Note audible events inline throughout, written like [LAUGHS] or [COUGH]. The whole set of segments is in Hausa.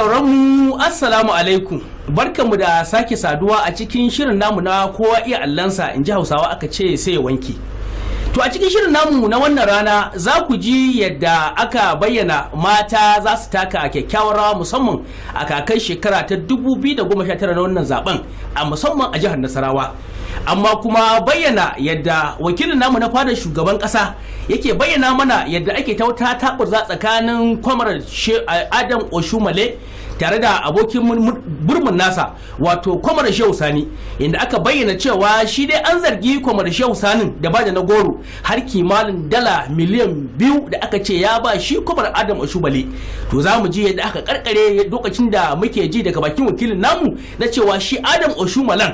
sauranmu assalamu alaikum barkanmu da sake saduwa a cikin shirin namu na kowa iya allansa in ji hausawa aka ce sai ya wanke to a cikin shirin namu na wannan rana za ku ji yadda aka bayyana mata za su taka kyakkyawar rawa musamman a kakan shekara ta 2019 na wannan zaben a musamman a jihar nasarawa amma kuma bayyana yadda wakilin namu na fadar shugaban kasa yake bayyana mana yadda ake ta wata takurza tsakanin kwamar eh, adam oshumale tare da abokin burmun nasa wato kwamar shehu sani inda aka bayyana cewa shi dai an zargi kwamar shehu sanin da bada na goro har kimanin dala miliyan biyu da aka ce ya ba shi kwamar adam shubale to za mu ji yadda aka karkare lokacin da muke ji daga bakin wakilin namu na cewa shi adam oshumalan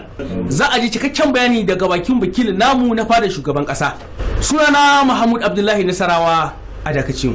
za a ji cikakken bayani daga bakin wakilin namu na fadar shugaban kasa sunana mahmud abdullahi nasarawa a dakacin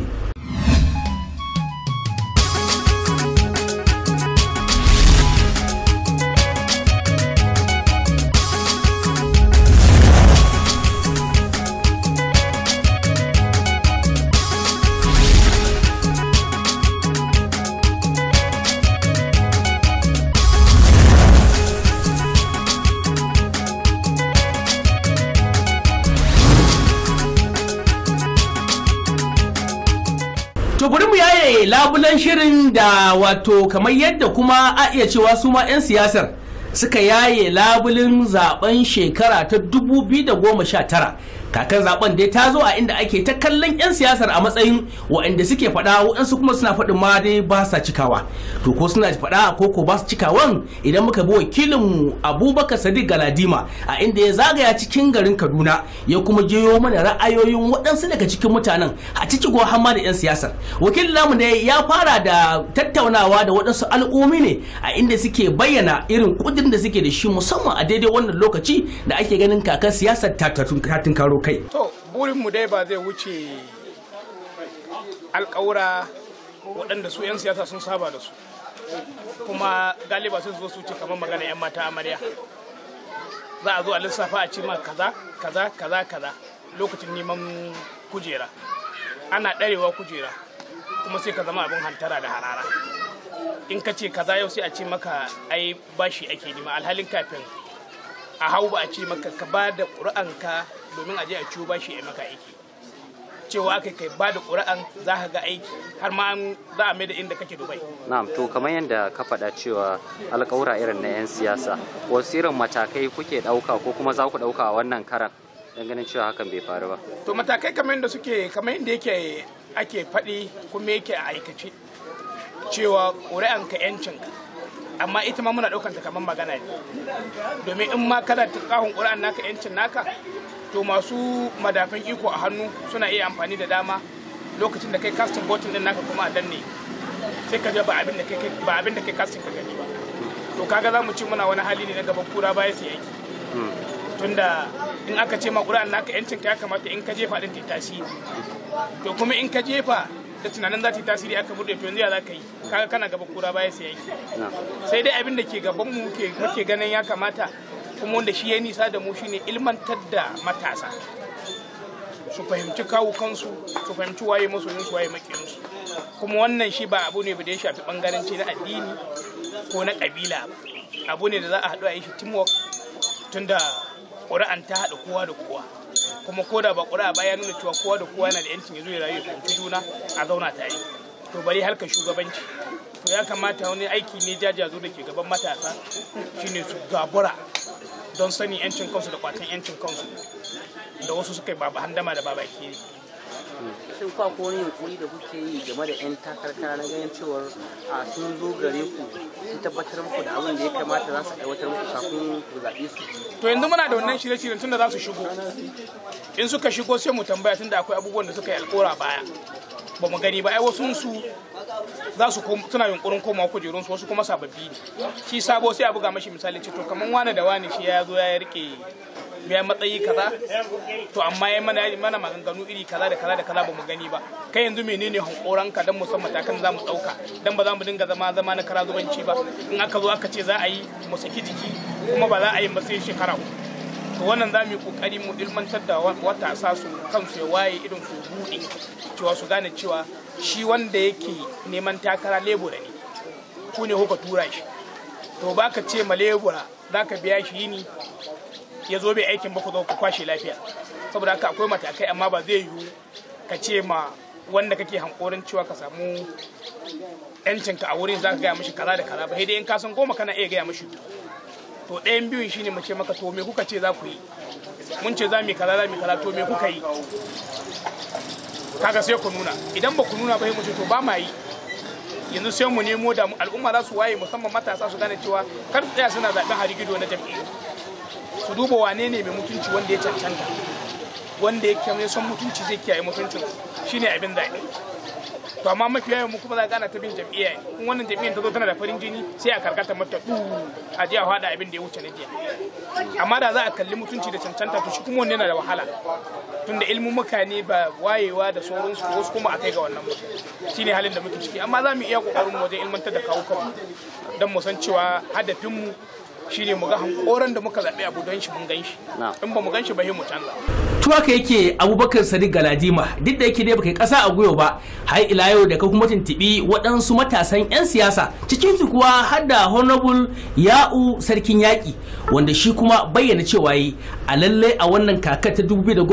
labulan shirin da wato kamar yadda kuma a iya cewa su ma 'yan siyasar suka yaye labulin zaben shekara ta 2019 kakan zaben dai ta zo a inda ake ta kallon 'yan siyasar a matsayin waɗanda suke faɗa waɗansu kuma suna faɗin ma dai ba sa cikawa to ko suna faɗa ko ko ba su cikawan idan muka bi wakilin mu abubakar sadiq galadima a inda ya zagaya cikin garin kaduna ya kuma jiyo mana ra'ayoyin waɗansu daga cikin mutanen a ciki ko hamma da 'yan siyasar wakilin namu ne ya fara da tattaunawa da waɗansu al'ummi ne a inda suke bayyana irin kudin da suke da shi musamman a daidai wannan lokaci da ake ganin kakar siyasar ta tunkaro kai to burinmu dai ba zai wuce alƙawura waɗanda su 'yan siyasa sun saba da su kuma galiba sun zo su ce kamar magana 'yan mata amarya za a zo a lissafa a cima kaza kaza kaza kaza lokacin neman kujera ana ɗarewa kujera kuma sai ka zama abin hantara da harara in ka ce kaza yau sai a ce maka ai bashi ake nema alhalin kafin a hau ba a ce maka ka ba da ƙura'anka domin a je a ciwo ba shi ya maka aiki cewa aka kai ba da ƙura'an za ka ga aiki har ma za a mai da inda kake dubai na'am to kamar yadda ka faɗa cewa alƙawura irin na 'yan siyasa wasu irin matakai kuke ɗauka ko kuma za ku ɗauka a wannan karan don ganin cewa hakan bai faru ba to matakai kamar yadda suke kamar yadda yake ake faɗi kuma yake a aikace cewa ƙuri'anka 'yancinka amma ita ma muna daukan ta kamar magana ne domin in ma kana tukahun ƙura'an naka yancin naka to masu madafin iko a hannu suna iya amfani da dama lokacin da kai kastin botin din naka kuma a danne sai ka ba abin da kai ba abin da kai kastin ka gani ba to kaga za mu ci muna wani hali ne na gaban kura baya su yaki tunda in aka ce ma ƙura'an naka yancin ka ya kamata in ka jefa din ta tashi to kuma in ka jefa da tunanin za ta yi tasiri aka buɗe to yanzu ya za ka yi kaga kana gaba kura baya sai yake sai dai abin da ke gaban mu muke ganin ya kamata kuma wanda shi ya nisa da mu shine ilmantar da matasa su fahimci kawo kansu su fahimci waye su waye makiyansu kuma wannan shi ba abu ne da ya shafi bangaranci na addini ko na kabila ba abu ne da za a haɗu a yi shi teamwork tunda ƙura'an ta haɗa kowa da kowa kuma ko da ba ƙuri'a ba ya nuna cewa kowa da kowa yana da yancin ya zo ya rayu ya juna a zauna tare to bari harkar shugabanci to ya kamata wani aiki ne zo da ke gaban matasa shine su gabura don sani yancin kansu da kwatan yancin kansu da wasu suka yi baba handama da baba kiri sai kuka ko wani yunkuri da kuke yi game da 'yan takarta na ganin cewar sun zo gare ku sun tabbatar muku da abin da ya kamata za su aiwatar muku kafin ku zaɓe su to yanzu muna da wannan shirye-shiryen tunda za su shigo in suka shigo sai mu tambaya tunda akwai abubuwan da suka yi alkora baya ba mu gani ba ai wasu su za su suna yunkurin komawa kujerunsu wasu kuma sababbi ne shi sabo sai a buga mashi misali ce to kamar wani da wani shi ya zo ya rike ya matsayi kaza to amma ya mana mana maganganu iri kaza da kaza da kaza ba mu gani ba kai yanzu menene hankoran ka dan musamman matakan za mu dauka dan ba za mu dinga zama zama na kara zubanci ba in aka zo aka ce za a yi mu saki jiki kuma ba za a yi ba sai shekara to wannan za mu yi kokari mu ilmantar da wata su kansu ya waye irin su buɗe cewa su gane cewa shi wanda yake neman takara lebura ne ku ne ka tura shi to baka ce ma lebura za ka biya shi ni ya zo bai aikin ba ku zo ku kwashe lafiya saboda haka akwai matakai amma ba zai yiwu ka ce ma wanda kake hankorin cewa ka samu ka a wurin za ka gaya mishi kaza da kaza ba sai dai in ka san goma kana iya gaya mishi to ɗayan biyun shine mu ce maka to me kuka ce za ku yi mun ce za mu yi kaza za mu yi kaza to me kuka yi kaga sai ku nuna idan ba ku nuna ba sai mu ce to ba ma yi yanzu sai mu nemo da al'umma za su waye musamman matasa su gane cewa kar su tsaya suna zaɓen harigido na jam'iyya. ku duba wane ne mai mutunci wanda ya cancanta wanda ya kyamai son mutunci zai kiyaye mutuncin shine abin da to amma mafi yawan mu kuma za gana ta bin jam'iyya in wannan jam'iyyar ta zo tana da farin jini sai a karkata mata du a a hada abin da ya wuce na jiya amma da za a kalli mutunci da cancanta to shi kuma wannan yana da wahala tunda ilmin ne ba wayewa da sauransu ko wasu kuma a kai ga wannan ba shine halin da muke ciki amma za mu iya kokarin wajen ilmantar da kawo kanmu don mu san cewa hadafin mu shine mu ga hankoran da muka zaɓe abu don shi mun ganshi in ba mu ganshi ba mu canza to haka yake abubakar sadiq galadima duk da yake dai baka kasa a goyo ba har ila yau da ka kuma tuntubi waɗansu matasan 'yan siyasa cikin su kuwa har da honorable ya'u sarkin yaƙi wanda shi kuma bayyana cewa yi a lallai a wannan kakar ta 2019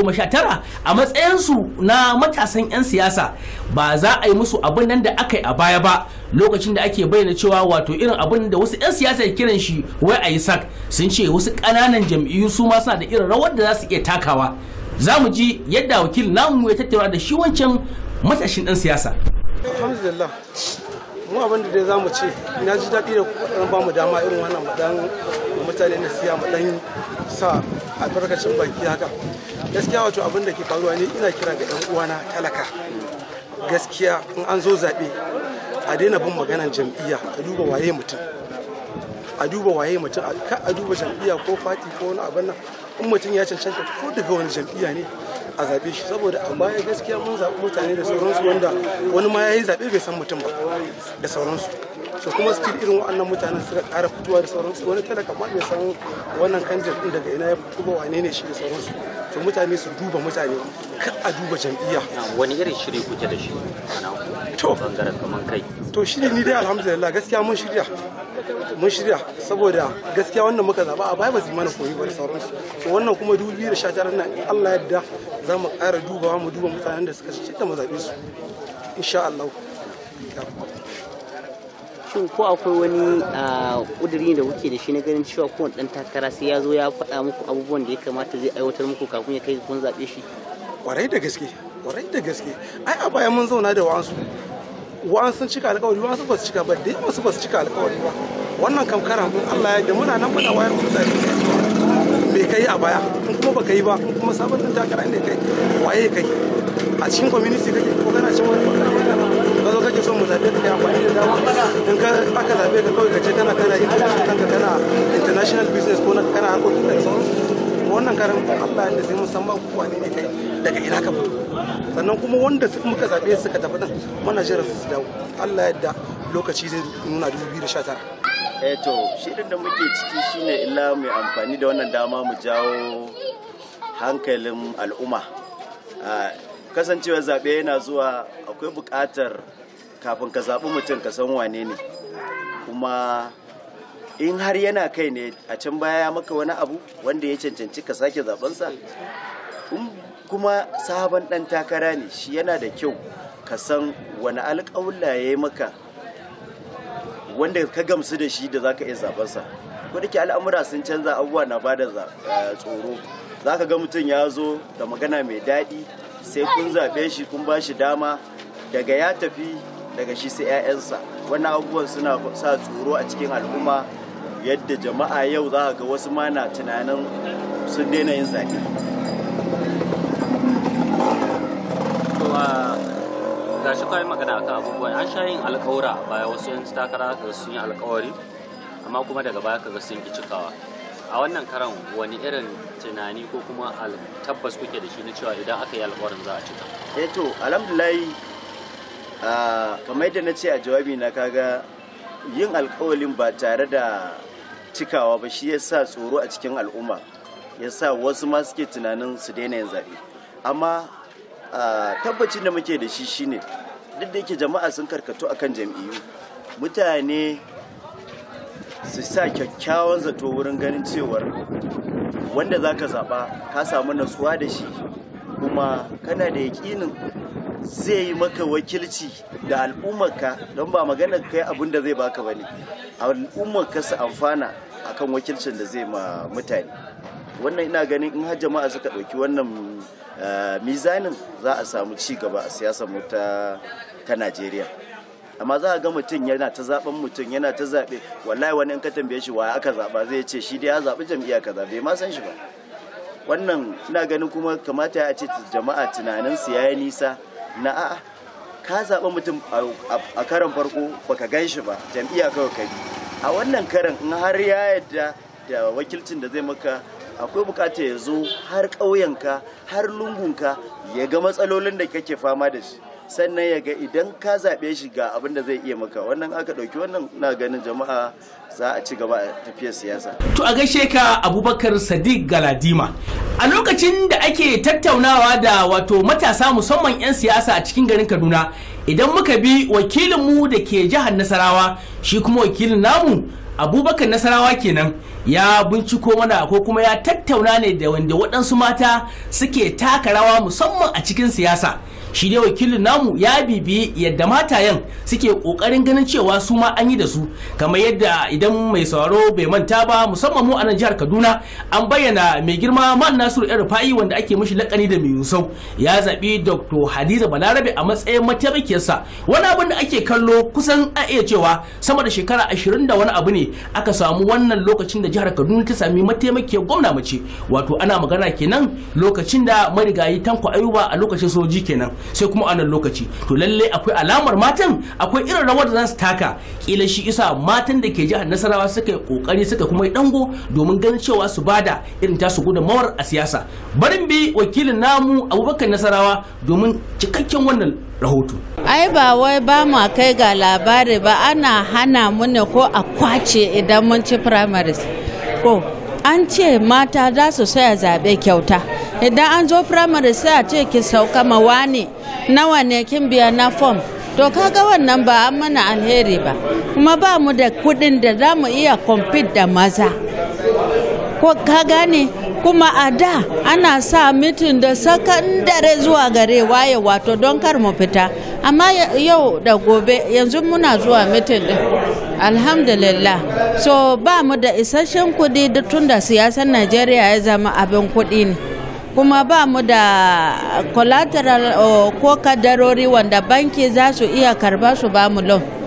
a matsayinsu na matasan 'yan siyasa ba za a yi musu abin nan da aka yi a baya ba lokacin da ake bayyana cewa wato irin abin da wasu 'yan siyasa kiran shi wai a isak sun ce wasu ƙananan jam'iyyu su ma suna da irin rawar da za su iya takawa za mu ji yadda wakil namu ya tattara da shi wancan matashin ɗan siyasa alhamdulillah mu abin da dai za mu ce na ji daɗi da kuɗin ba mu dama irin wannan mu da mutane na siya mu dan sa albarkacin baki haka gaskiya wato abin da ke faruwa ne ina kira ga ɗan uwana talaka gaskiya in an zo zaɓe a daina bin maganan jam'iyya ka duba waye mutum a duba waye mutum a duba jam'iyya ko fati ko wani abin nan in mutum ya cancanta ko daga wani jam'iyya ne a zaɓe shi saboda a baya gaskiya mun zaɓi mutane da sauransu wanda wani ma ya yi zaɓe bai san mutum ba da sauransu so kuma su irin waɗannan mutanen suka ƙara fitowa da sauransu wani talaka ma bai san wannan kanjin ɗin daga ina ya fito ba wane ne shi da sauransu to mutane su duba mutane kar a duba jam'iyya wani irin shiri kuke da shi to bangaren kaman kai to shiri ni dai alhamdulillah gaskiya mun shirya mun shirya saboda gaskiya wannan muka zaba a bai ba mana koyi ba sauran sauransu to wannan kuma 2019 nan Allah yadda za mu ƙara dubawa mu duba mutanen da suka ci da mu zabe su insha Allah shin ko akwai wani kuduri da kuke da shi na ganin cewa kowane dan takara sai ya zo ya faɗa muku abubuwan da ya kamata zai aiwatar muku kafin ya kai kun zaɓe shi kwarai da gaske kwarai da gaske ai a baya mun zauna da wa'ansu wa'ansu cika alkawari wa'ansu ba su cika ba dai yawa su ba su cika alkawari ba wannan kamkara kun Allah ya da muna nan muna wayar mu mutane bai kai a baya kun kuma baka yi ba kun kuma sabon tun takara ne kai waye kai a cikin community kake ko kana cewa ba zo kake son mu zabe ka ba amfani da dama in ka aka zabe ka kawai ka ce kana kana international kanka kana international business ko na kana harkokin da sauransu wannan karan Allah ya sai mun san ma kuwa ne kai daga ina ka fito sannan kuma wanda muka zabe suka tafi nan muna su dawo Allah ya yarda lokaci zai nuna 2019 Eto, eh to shirin da muke ciki shine illa mai amfani da wannan dama mu jawo hankalin al'umma kasancewar zaɓe yana zuwa akwai buƙatar kafin ka zaɓi mutum ka san wane ne kuma in har yana kai ne a can baya ya maka wani abu wanda ya cancanci ka sake zaɓensa um, kuma sabon ɗan takara ne shi yana da kyau ka san wani alƙawla ya yi maka wanda ka gamsu da shi da zaka iya zabarsa ko dake al'amura sun canza abubuwa na bada eh, tsoro zaka ga mutum ya zo da magana mai daɗi sai kun zaɓe shi kun ba shi dama daga ya tafi daga shi sai 'ya'yansa wannan abubuwan suna sa tsoro a cikin al'umma yadda jama'a yau za ga wasu ma na tunanin sun daina yin zaɓe. ga shi kawai magana akan abubuwan an sha yin alkawura baya wasu yan takara ga sun yi alkawari amma kuma daga baya ka ga sun ki cikawa a wannan karan wani irin tunani ko kuma tabbas kuke da shi na cewa idan aka yi alkawarin za a cika eh to alhamdulahi kamar yadda na ce a jawabi na kaga yin alkawalin ba tare da cikawa ba shi yasa tsoro a cikin al'umma yasa wasu ma suke tunanin su daina yin zaɓe amma tabbacin da muke da shi shine duk da yake jama'a sun karkatu akan jam'iyyu mutane su sa kyakkyawan zato wurin ganin cewar wanda za ka zaɓa ka samu natsuwa da shi kuma kana da yaƙinin zai yi maka wakilci da al'ummarka don ba magana kai abin da zai baka ba ne al'ummarka su amfana akan wakilcin da zai ma mutane wannan ina ganin in har jama'a suka ɗauki wannan eh, mizanin za a samu ci gaba a siyasar mota ta najeriya amma za a ga mutum yana ta zaben mutum yana ta zaɓe wallahi wani in ka tambaye shi wa aka zaɓa zai ce shi dai ya zaɓi jam'iyya kaza bai ma san shi ba wannan ina ganin kuma kamata ya ce jama'a tunanin su yayi nisa na a'a ka zaɓi mutum a karan farko baka gan shi ba jam'iyya kawai ka bi a wannan karan in har ya yadda da wakilcin da zai maka akwai bukata ya zo har ƙauyenka har lungunka ya ga matsalolin da kake fama da shi sannan ya ga idan ka zaɓe shi ga abin da zai iya maka wannan aka ɗauki wannan na ganin jama'a za a ci gaba a tafiyar siyasa. To a gaishe ka Abubakar Sadiq Galadima. A lokacin da ake tattaunawa da wato matasa musamman 'yan siyasa a cikin garin Kaduna idan muka bi wakilinmu da ke jihar Nasarawa shi kuma wakilin namu abubakar nasarawa kenan ya binciko mana ko kuma ya tattauna ne da wanda waɗansu mata suke taka rawa musamman a cikin siyasa shi ne wakilin namu ya bibi yadda matayen suke kokarin ganin cewa su ma an yi da su kamar yadda idan mai sauraro bai manta ba musamman mu a nan jihar Kaduna an bayyana mai girma Man Nasiru Yar Rufai wanda ake mishi lakani da mai Yusau ya zaɓi Dr. Hadiza Balarabe a matsayin mataimakiyarsa wani abin da ake kallo kusan a iya cewa sama da shekara ashirin da wani abu ne aka samu wannan lokacin da jihar Kaduna ta sami mataimakiyar gwamna mace wato ana magana kenan lokacin da marigayi Tanko Ayuba a lokacin soji kenan sai kuma a nan lokaci to lalle akwai alamar matan akwai irin rawar da za su taka kila shi isa matan da ke jihar nasarawa suka yi kokari suka kuma yi dango domin ganin cewa su bada irin ta tasu gudunmawar a siyasa barin bi wakilin namu abubakar nasarawa domin cikakken wannan rahoto ai ba wai ba mu kai ga labari ba ana hana mu ne ko a kwace idan mun ci primaries ko an ce mata za su saya zaɓe kyauta idan an zo firamare sai a ce ki sauka ma ne nawa ne kin biya na fom to kaga wannan ba an mana alheri ba kuma ba mu da kuɗin da za mu iya kwamfit da maza ko ka gane kuma a da ana sa mitin da sakandare zuwa gare waye wato don kar mu fita amma yau da gobe yanzu muna zuwa mitin din alhamdulillah so ba mu da isasshen kuɗi da tunda siyasar najeriya ya zama abin kuɗi ne kuma ba mu da collateral oh, ko kadarori wanda banki za su iya karba su ba mu loan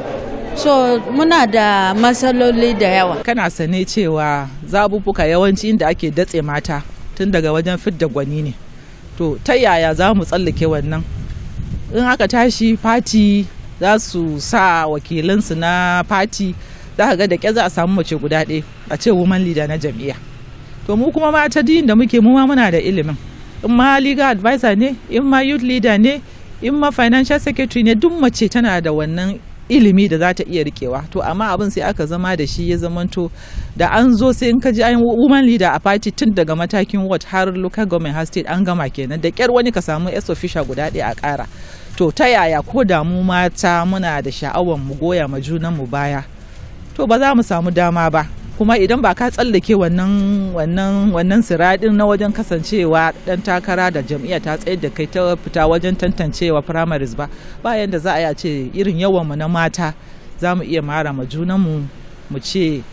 so muna da matsaloli da yawa kana sane cewa zabubuka yawanci inda ake datse mata tun daga wajen fidda gwani ne to ta yaya za mu tsallake wannan in aka tashi fati za su sa wakilansu na fati za ka ga da za a samu mace guda ɗaya a ce woman leader na jam'iyya to mu kuma mata din da muke mu ma muna da ilimin in ma legal advisor ne in ma youth leader ne in ma financial secretary ne duk mace tana da wannan ilimi da za ta iya rikewa to amma abin sai aka zama da shi ya zamanto da an zo sai in ka ji an woman leader a party tun daga matakin ward har local government har state an gama kenan da kyar wani ka samu s official guda ɗaya a ƙara to ta yaya ko da mu mata muna da sha'awar mu goya ma junan mu baya to ba za mu samu dama ba kuma idan ba ka tsallake wannan wannan siradin na wajen kasancewa dan takara da jam'iyya ta tsayar da kai ta fita wajen tantancewa primaries ba bayan da za a yi a ce irin yawan na mata za mu iya mara ma junanmu mu ce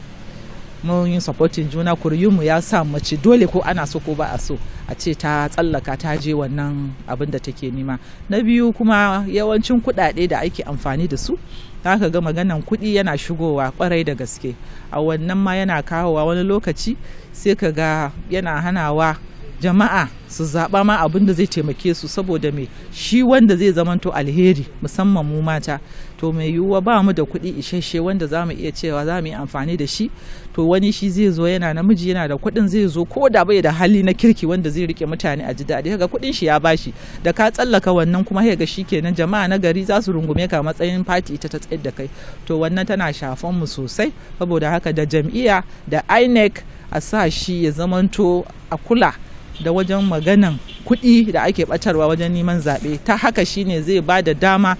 mun yi supporting juna mu ya sa mace dole ko ana so ko ba a so a ce ta tsallaka ta je wannan abin da take nema na biyu kuma yawancin kuɗaɗe da ake amfani da su za ka ga maganan kuɗi yana shigowa kwarai da gaske a wannan ma yana kawowa wani lokaci sai ka ga yana hanawa jama'a su zaɓa ma abin da zai taimake su saboda mai shi wanda zai zamanto alheri musamman mu mata to mai yiwuwa ba mu da kuɗi isheshe wanda za mu iya cewa za mu yi amfani da shi to wani shi zai zo yana namiji yana da kuɗin zai zo ko da bai da hali na kirki wanda zai rike mutane a ji daɗi kaga kuɗin shi ya bashi da ka tsallaka wannan kuma ga shi kenan jama'a na gari za su rungume ka matsayin fati ita ta tsayar da kai to wannan tana shafan mu sosai saboda haka da jam'iyya da inec a sa shi ya zamanto a kula da wajen maganan kuɗi da ake ɓatarwa wajen neman zaɓe ta haka shine zai ba da dama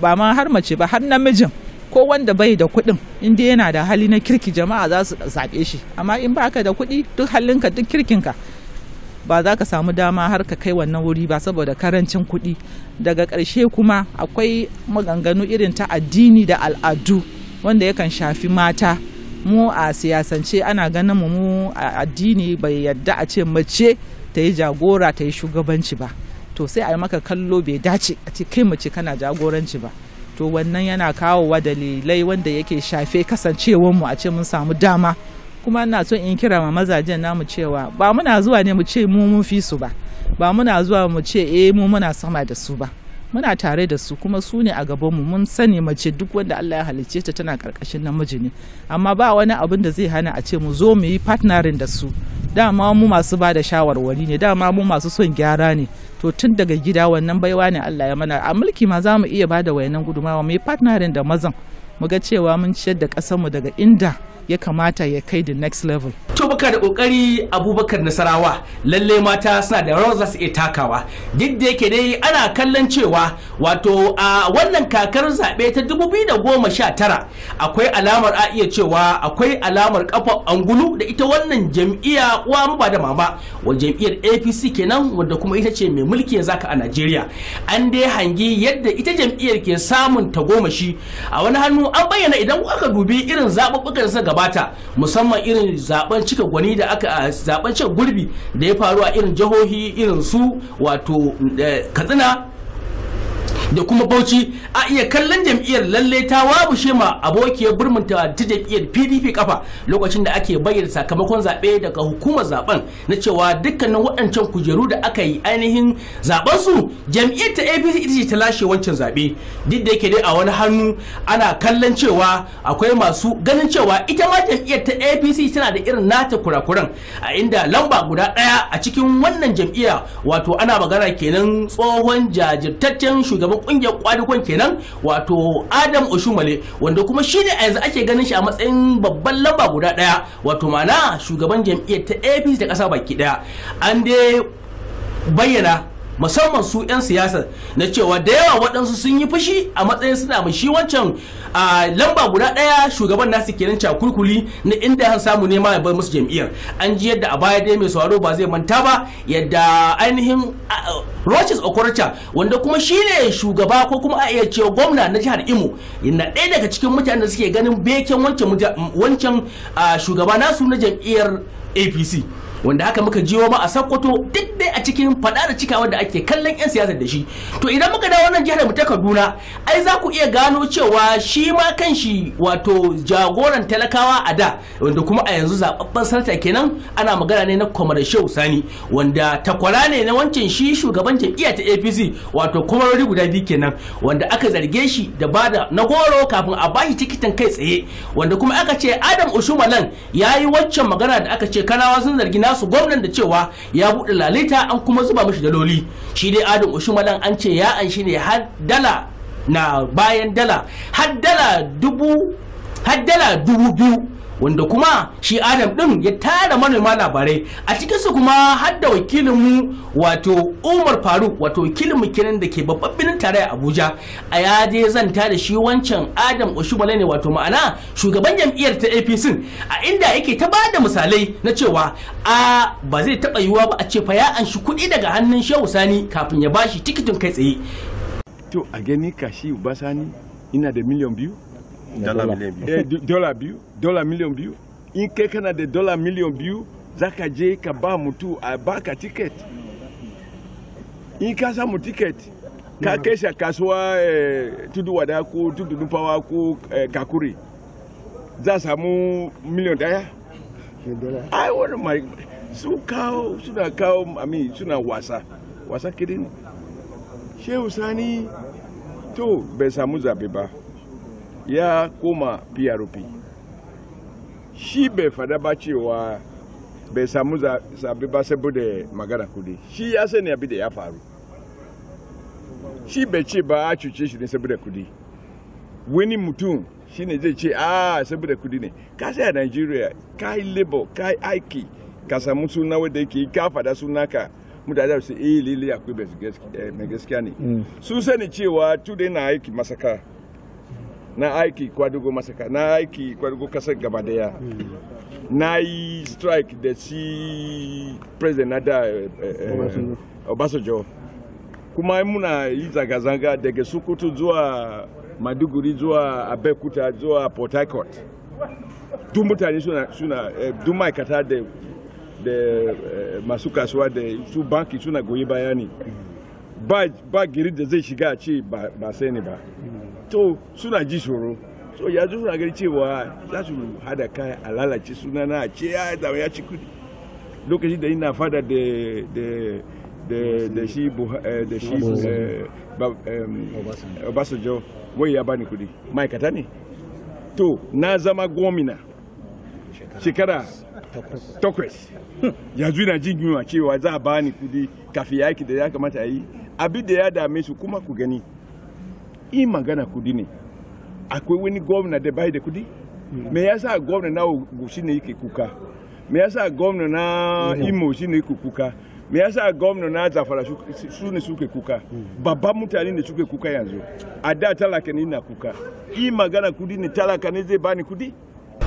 ba ma har mace ba har namijin ko wanda bai da kuɗin in yana da hali na kirki jama'a za su zaɓe shi amma in baka da kuɗi duk halinka duk kirkinka ba za ka samu dama har ka kai wannan wuri ba saboda karancin kuɗi daga ƙarshe kuma akwai maganganu irin ta addini da al'adu wanda yakan shafi mata mu a siyasance ana ganin mu a addini bai yadda a ce mace ta yi jagora ta yi shugabanci ba to sai a yi maka kallo bai dace a ce kai mace kana jagoranci ba to wannan yana kawowa dalilai wanda yake shafe kasancewar mu a ce mun samu dama kuma ina so in kira ma mazajen namu cewa ba muna zuwa ne mu ce mu mun fi su ba ba muna zuwa mu ce eh mu muna sama da su ba muna tare da su kuma su ne a gabanmu mun sani mace duk wanda Allah ya halicce ta tana karkashin namiji ne amma ba wani abin da zai hana a ce mu zo mu yi partnering da su dama mu masu ba da shawarwari ne dama mu masu son gyara ne to tun daga gida wannan baiwa ne Allah ya mana a mulki ma za mu iya ba da wayannan gudumawa mu yi partnering da mazan mu ga cewa mun ciyar da ƙasarmu daga inda ya kamata ya kai the next level to baka da kokari abubakar nasarawa lalle mata suna da rawar za su iya takawa duk da yake dai ana kallon cewa wato a wannan kakar zaɓe ta 2019 akwai alamar a iya cewa akwai alamar kafa angulu da ita wannan jam'iyya uwa ba da mama wa jam'iyyar apc kenan wadda kuma ita ce mai mulki yanzu a najeriya an dai hangi yadda ita jam'iyyar ke samun tagomashi a wani hannu an bayyana idan aka dubi irin zaɓuɓɓukan sa gabata musamman irin zaben cika gwani da aka zaben cika gurbi da ya faru a irin jihohi irin su wato eh, katsina da kuma bauchi a iya kallon jam'iyyar lalle ta wabushe ma abokiyar burmunta ta jam'iyyar pdp kafa lokacin da ake bayyana sakamakon zaɓe daga hukumar zaben na cewa dukkanin waɗancan kujeru da aka yi ainihin zaben su jam'iyyar ta apc ita ce ta lashe wancan zaɓe duk da yake dai a wani hannu ana kallon cewa akwai masu ganin cewa ita ma jam'iyyar ta apc tana da irin nata kurakuran a inda lamba guda ɗaya a cikin wannan jam'iyya wato ana magana kenan tsohon jajirtaccen shugaban kungiyar kwadagon kenan wato adam oshumale wanda kuma shi ne a yanzu ake ganin shi a matsayin babban lamba guda daya wato mana shugaban jam'iyyar ta apc da kasa baki daya an dai bayyana musamman su 'yan siyasa na cewa da yawa waɗansu sun yi fushi a matsayin suna mai shi wancan lamba guda ɗaya shugaban nasu kenan cakulkuli na inda han samu nema ya bar musu jam'iyyar an ji yadda a baya dai mai sauraro ba zai manta ba yadda ainihin roches okorocha wanda kuma shi ne shugaba ko kuma a iya cewa gwamna na jihar imo na ɗaya daga cikin mutanen da suke ganin beken wancan shugaba nasu na jam'iyyar apc wanda haka muka jiwo ma a sakkwato duk dai a cikin fada da cikawa da ake kallon 'yan siyasar da shi to idan muka da wannan jihar mu ta kaduna ai za ku iya gano cewa shi ma kan shi wato jagoran talakawa a da wanda kuma a yanzu zababban sarta kenan ana magana ne na kwamar shehu sani wanda takwara ne na wancan shi shugaban jam'iyya ta apc wato kwamarori guda biyu kenan wanda aka zarge shi da bada na goro kafin a bashi tikitin kai tsaye wanda kuma aka ce adam nan ya yi waccan magana da aka ce kanawa sun zargi na su gwamnan da cewa ya buɗe lalita an kuma zuba mishi daloli shi dai adam dan an ce ya an shi ne har dala na bayan dala har dala dubu har dala dubu biyu wanda kuma shi adam din ya tara manoma labarai a cikinsu kuma har da wakilinmu wato umar faruk wato wakilinmu kenan da ke babban birnin a abuja a ya je zanta da shi wancan adam oshumale ne wato ma'ana shugaban jam'iyyar ta apc a inda yake ta bada misalai na cewa a ba zai taɓa yiwuwa ba a ce fa ya anshi kuɗi daga hannun shehu sani kafin ya bashi tikitin kai tsaye to a gani kashi basani ina da miliyan biyu dala miliyan biyu eh, dola biu dola miliyan biyu in kai dola miliyan biyu za je ka ba mutu a ka tiket in ka samu tiket ka kai kasuwa eh, tudu wada ko tudu nufawa ko eh, kakuri za mu miliyan daya I want my su kawo suna kawo ami suna wasa wasa kirin shehu sani to bai samu zabe ba ya koma prp shi bai fada ba cewa bai samu zabi ba saboda magana kudi shi ya sani abin da ya faru shi bai ce ba a cuce shi ne saboda kudi wani mutum shi ne zai ce a saboda kudi ne ka sai a nigeria ka yi labo ka yi aiki ka samu suna wadda yake ka fada suna ka mutane su eh lili akwai mai eh, gaskiya ne mm. sun sani cewa tude na aiki masaka na aiki kwadugo masaka na aiki kwadugo kasar gaba daya hmm. na yi strike da si president nada da eh, eh, eh, obasanjo kuma muna yi zanga-zanga daga sokoto zuwa maduguri zuwa abekuta zuwa port harcourt duk mutane suna duk ma'aikata da masu kasuwa da su banki suna goyi bayani hmm. ba giri da zai shiga a ce ba sai ne ba hmm. to suna ji tsoro so zo suna gani cewa za su hada kai a lalace suna na ce ya zama ya ci kudi lokaci da ina fada da da shi da shi eh, eh, obasanjo wai ya bani kudi ma'aikata ne to na zama gomina shekara takwas [LAUGHS] yanzu na jin yunwa cewa za a bani kudi kafin yaki da ya kamata a yi abin da ya dame su kuma ku gani in magana kudi ne akwai wani gwamna da bai da kudi me sa gwamna na ogun ne yake kuka me sa gwamna na mhm. imo ne yake kuka me sa gwamna na zafara su ne suke kuka mhm. babba mutane ne suke kuka yanzu a da talaka ne na kuka in magana kudi ne talaka ne zai bani kudi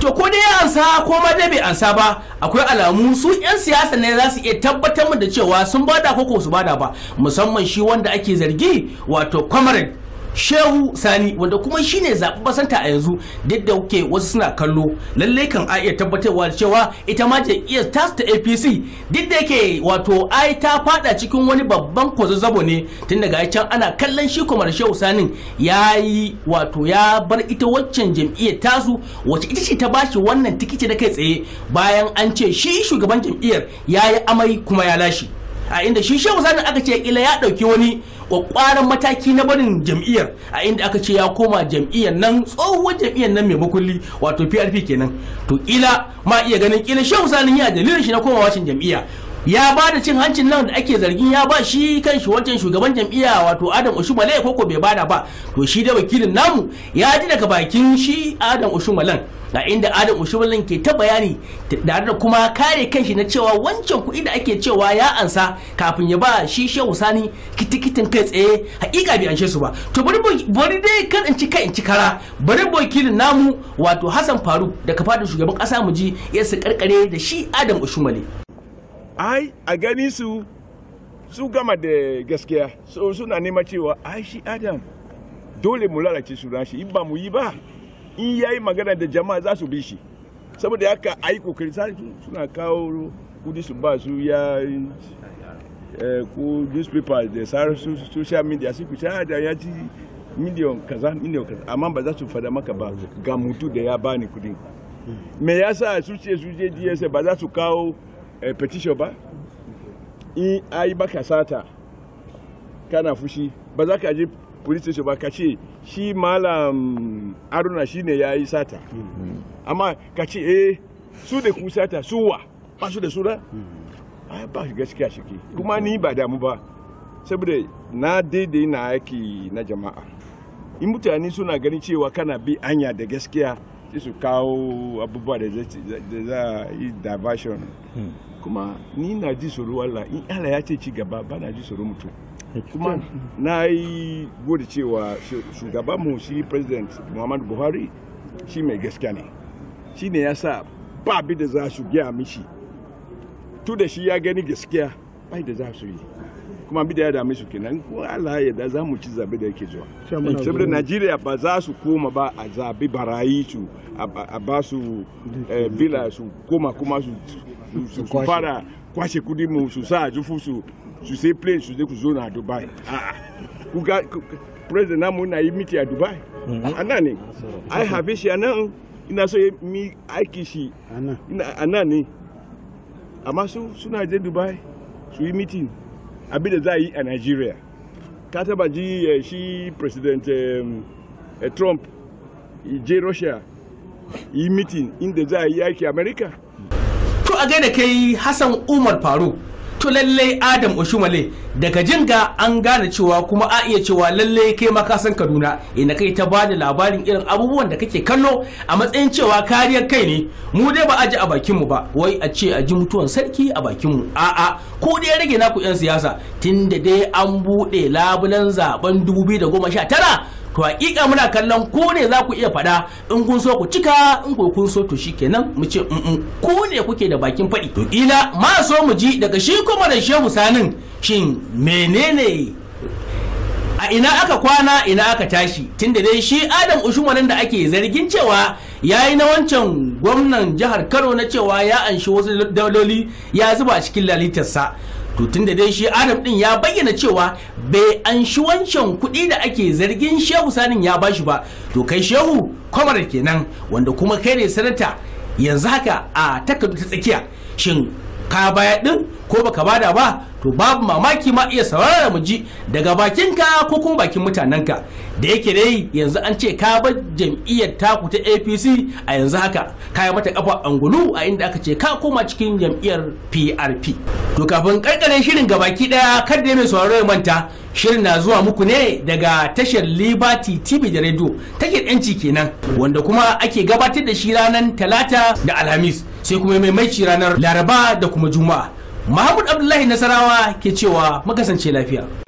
to ko dai ansa ko ma dai bai ansa ba akwai alamu su yan siyasa ne za su iya tabbatar da cewa sun bada ko ko su bada ba musamman shi wanda ake zargi wato comrade shehu sani wanda kuma shine zaɓi basanta a yanzu duk da kuke wasu suna kallo lalle kan a iya tabbatarwa da cewa ita ma iya tasu ta apc duk da yake wato ai ta fada cikin wani babban kwazazzabo ne tun daga can ana kallon shi kuma da shehu sani ya yi wato ya bar ita waccan jam'iyyar tasu wacce ita ce ta bashi wannan tikiti da kai tsaye bayan an ce shi shugaban jam'iyyar ya yi amai kuma ya lashe a inda shi shehu sani aka ce kila ya ɗauki wani kwakwaran mataki na barin jam'iyyar a inda aka ce ya koma jam'iyyar nan tsohuwar jam'iyyar nan mai makulli wato prp kenan to ila ma iya ganin kila shehu sani ya dalilin shi na komawa cin jam'iyya ya ba da cin hancin nan da ake zargin ya ba shi kan shi wancan shugaban jam'iyya wato adam ushumale ko ko bai bada ba to shi da wakilin namu ya ji daga bakin shi adam ushumalan a inda adam ushumalan ke ta bayani da da kuma kare kan shi na cewa wancan kuɗi da ake cewa ya ansa kafin ya ba shi shehu sani kitikitin kai tsaye hakika bai anshe su ba to bari dai kan in ci kai in ci kara bari wakilin namu wato hassan faruk daga fadin shugaban ƙasa mu ji ya su karkare da shi adam ushumale ai a gani su su gama da gaskiya so suna nema cewa ai shi adam dole mu lalace su shi in ba mu yi ba in yi magana da jama'a za su bi shi saboda haka ai kokari suna kawo kudi su ba su ya eh, ko da sauran social media su fita ah, da ya ci miliyan kaza miliyan kaza amma ba za su fada maka ba ga mutu da ya bani kudi me yasa su ce su je ba za su kawo Eh, petition ba in ai baka sata kana fushi ba za ka je police station ba ka ce shi malam aruna shine ya yi sata hmm. amma ka ce eh su da ku sata su wa ba su da suna hmm. ba shi gaskiya kuma ni ba damu ba saboda na daidai na aiki na jama'a in mutane suna ganin cewa kana bi anya da gaskiya sai su kawo abubuwa da za a yi diversion hmm. kuma ni na ji tsoro Allah in Allah ya ce ci gaba ba na ji tsoro mutum kuma na yi gode cewa shugaba mu shi president Muhammadu Buhari shi mai gaskiya ne shi ne ya sa ba bi da za su gaya mishi tu da shi ya gani gaskiya ba da za su yi kuma bi da ya dame su kenan ko Allah ya da za mu ci zabe da yake zuwa saboda Najeriya ba za su koma ba a zabi barayi su a ba su bila eh, su koma kuma su fara kwashe kudi mu su sa jufu su su sai plane su je ku zo na Dubai ku ga president namu na yi miti a Dubai mhm. anan ne ai have shi anan ina so mi aiki shi anan ne amma su suna je Dubai su yi meeting abin da za a yi a nigeria ka taba ji eh, shi president eh, trump je russia yi mitin inda za a yi yaki america to a gane kai hassan umar faruk to lallai adam oshumale daga jinga an gane cewa kuma a iya cewa lallai kai ma ka kaduna ina kai ta bada labarin irin abubuwan da kake kallo a matsayin cewa kariyar kai ne mu dai ba a ji a bakinmu ba wai a ce a ji mutuwan sarki a bakinmu a'a ko dai rage naku yan siyasa tunda dai an buɗe labulan zaben 2019 to hakika muna kallon ko ne za ku iya faɗa in kun so ku cika in ku kun so to shikenan mu ce ko ne kuke da bakin faɗi to ila ma so mu ji daga shi kuma da shehu sanin shin menene a ina aka kwana ina aka tashi tunda dai shi adam ushumanin da ake zargin cewa ya yi na wancan gwamnan jihar kano na cewa ya anshi wasu daloli ya zuba cikin lalitarsa to da dai shi adam din ya bayyana cewa bai an shi wancan kuɗi da ake zargin shehu sanin ya bashi ba to kai shehu kwamar kenan wanda kuma kai ne sanata yanzu haka a takardu ta tsakiya shin ka baya din ko baka bada ba to babu mamaki ma iya saurara mu ji daga bakinka ko kuma bakin ka. da yake dai yanzu an ce ka bar jam'iyyar taku ta apc a yanzu haka ka yi mata kafa angulu a inda aka ce ka koma cikin jam'iyyar prp to kafin karkare shirin gabaki daya da mai sauraro manta shirin na zuwa muku ne daga tashar liberty tv da radio tashar yanci kenan wanda kuma ake gabatar da shi ranar talata da alhamis sai kuma maimaici ranar laraba da kuma juma'a Mahmud Abdullahi Nasarawa ke cewa makasance lafiya.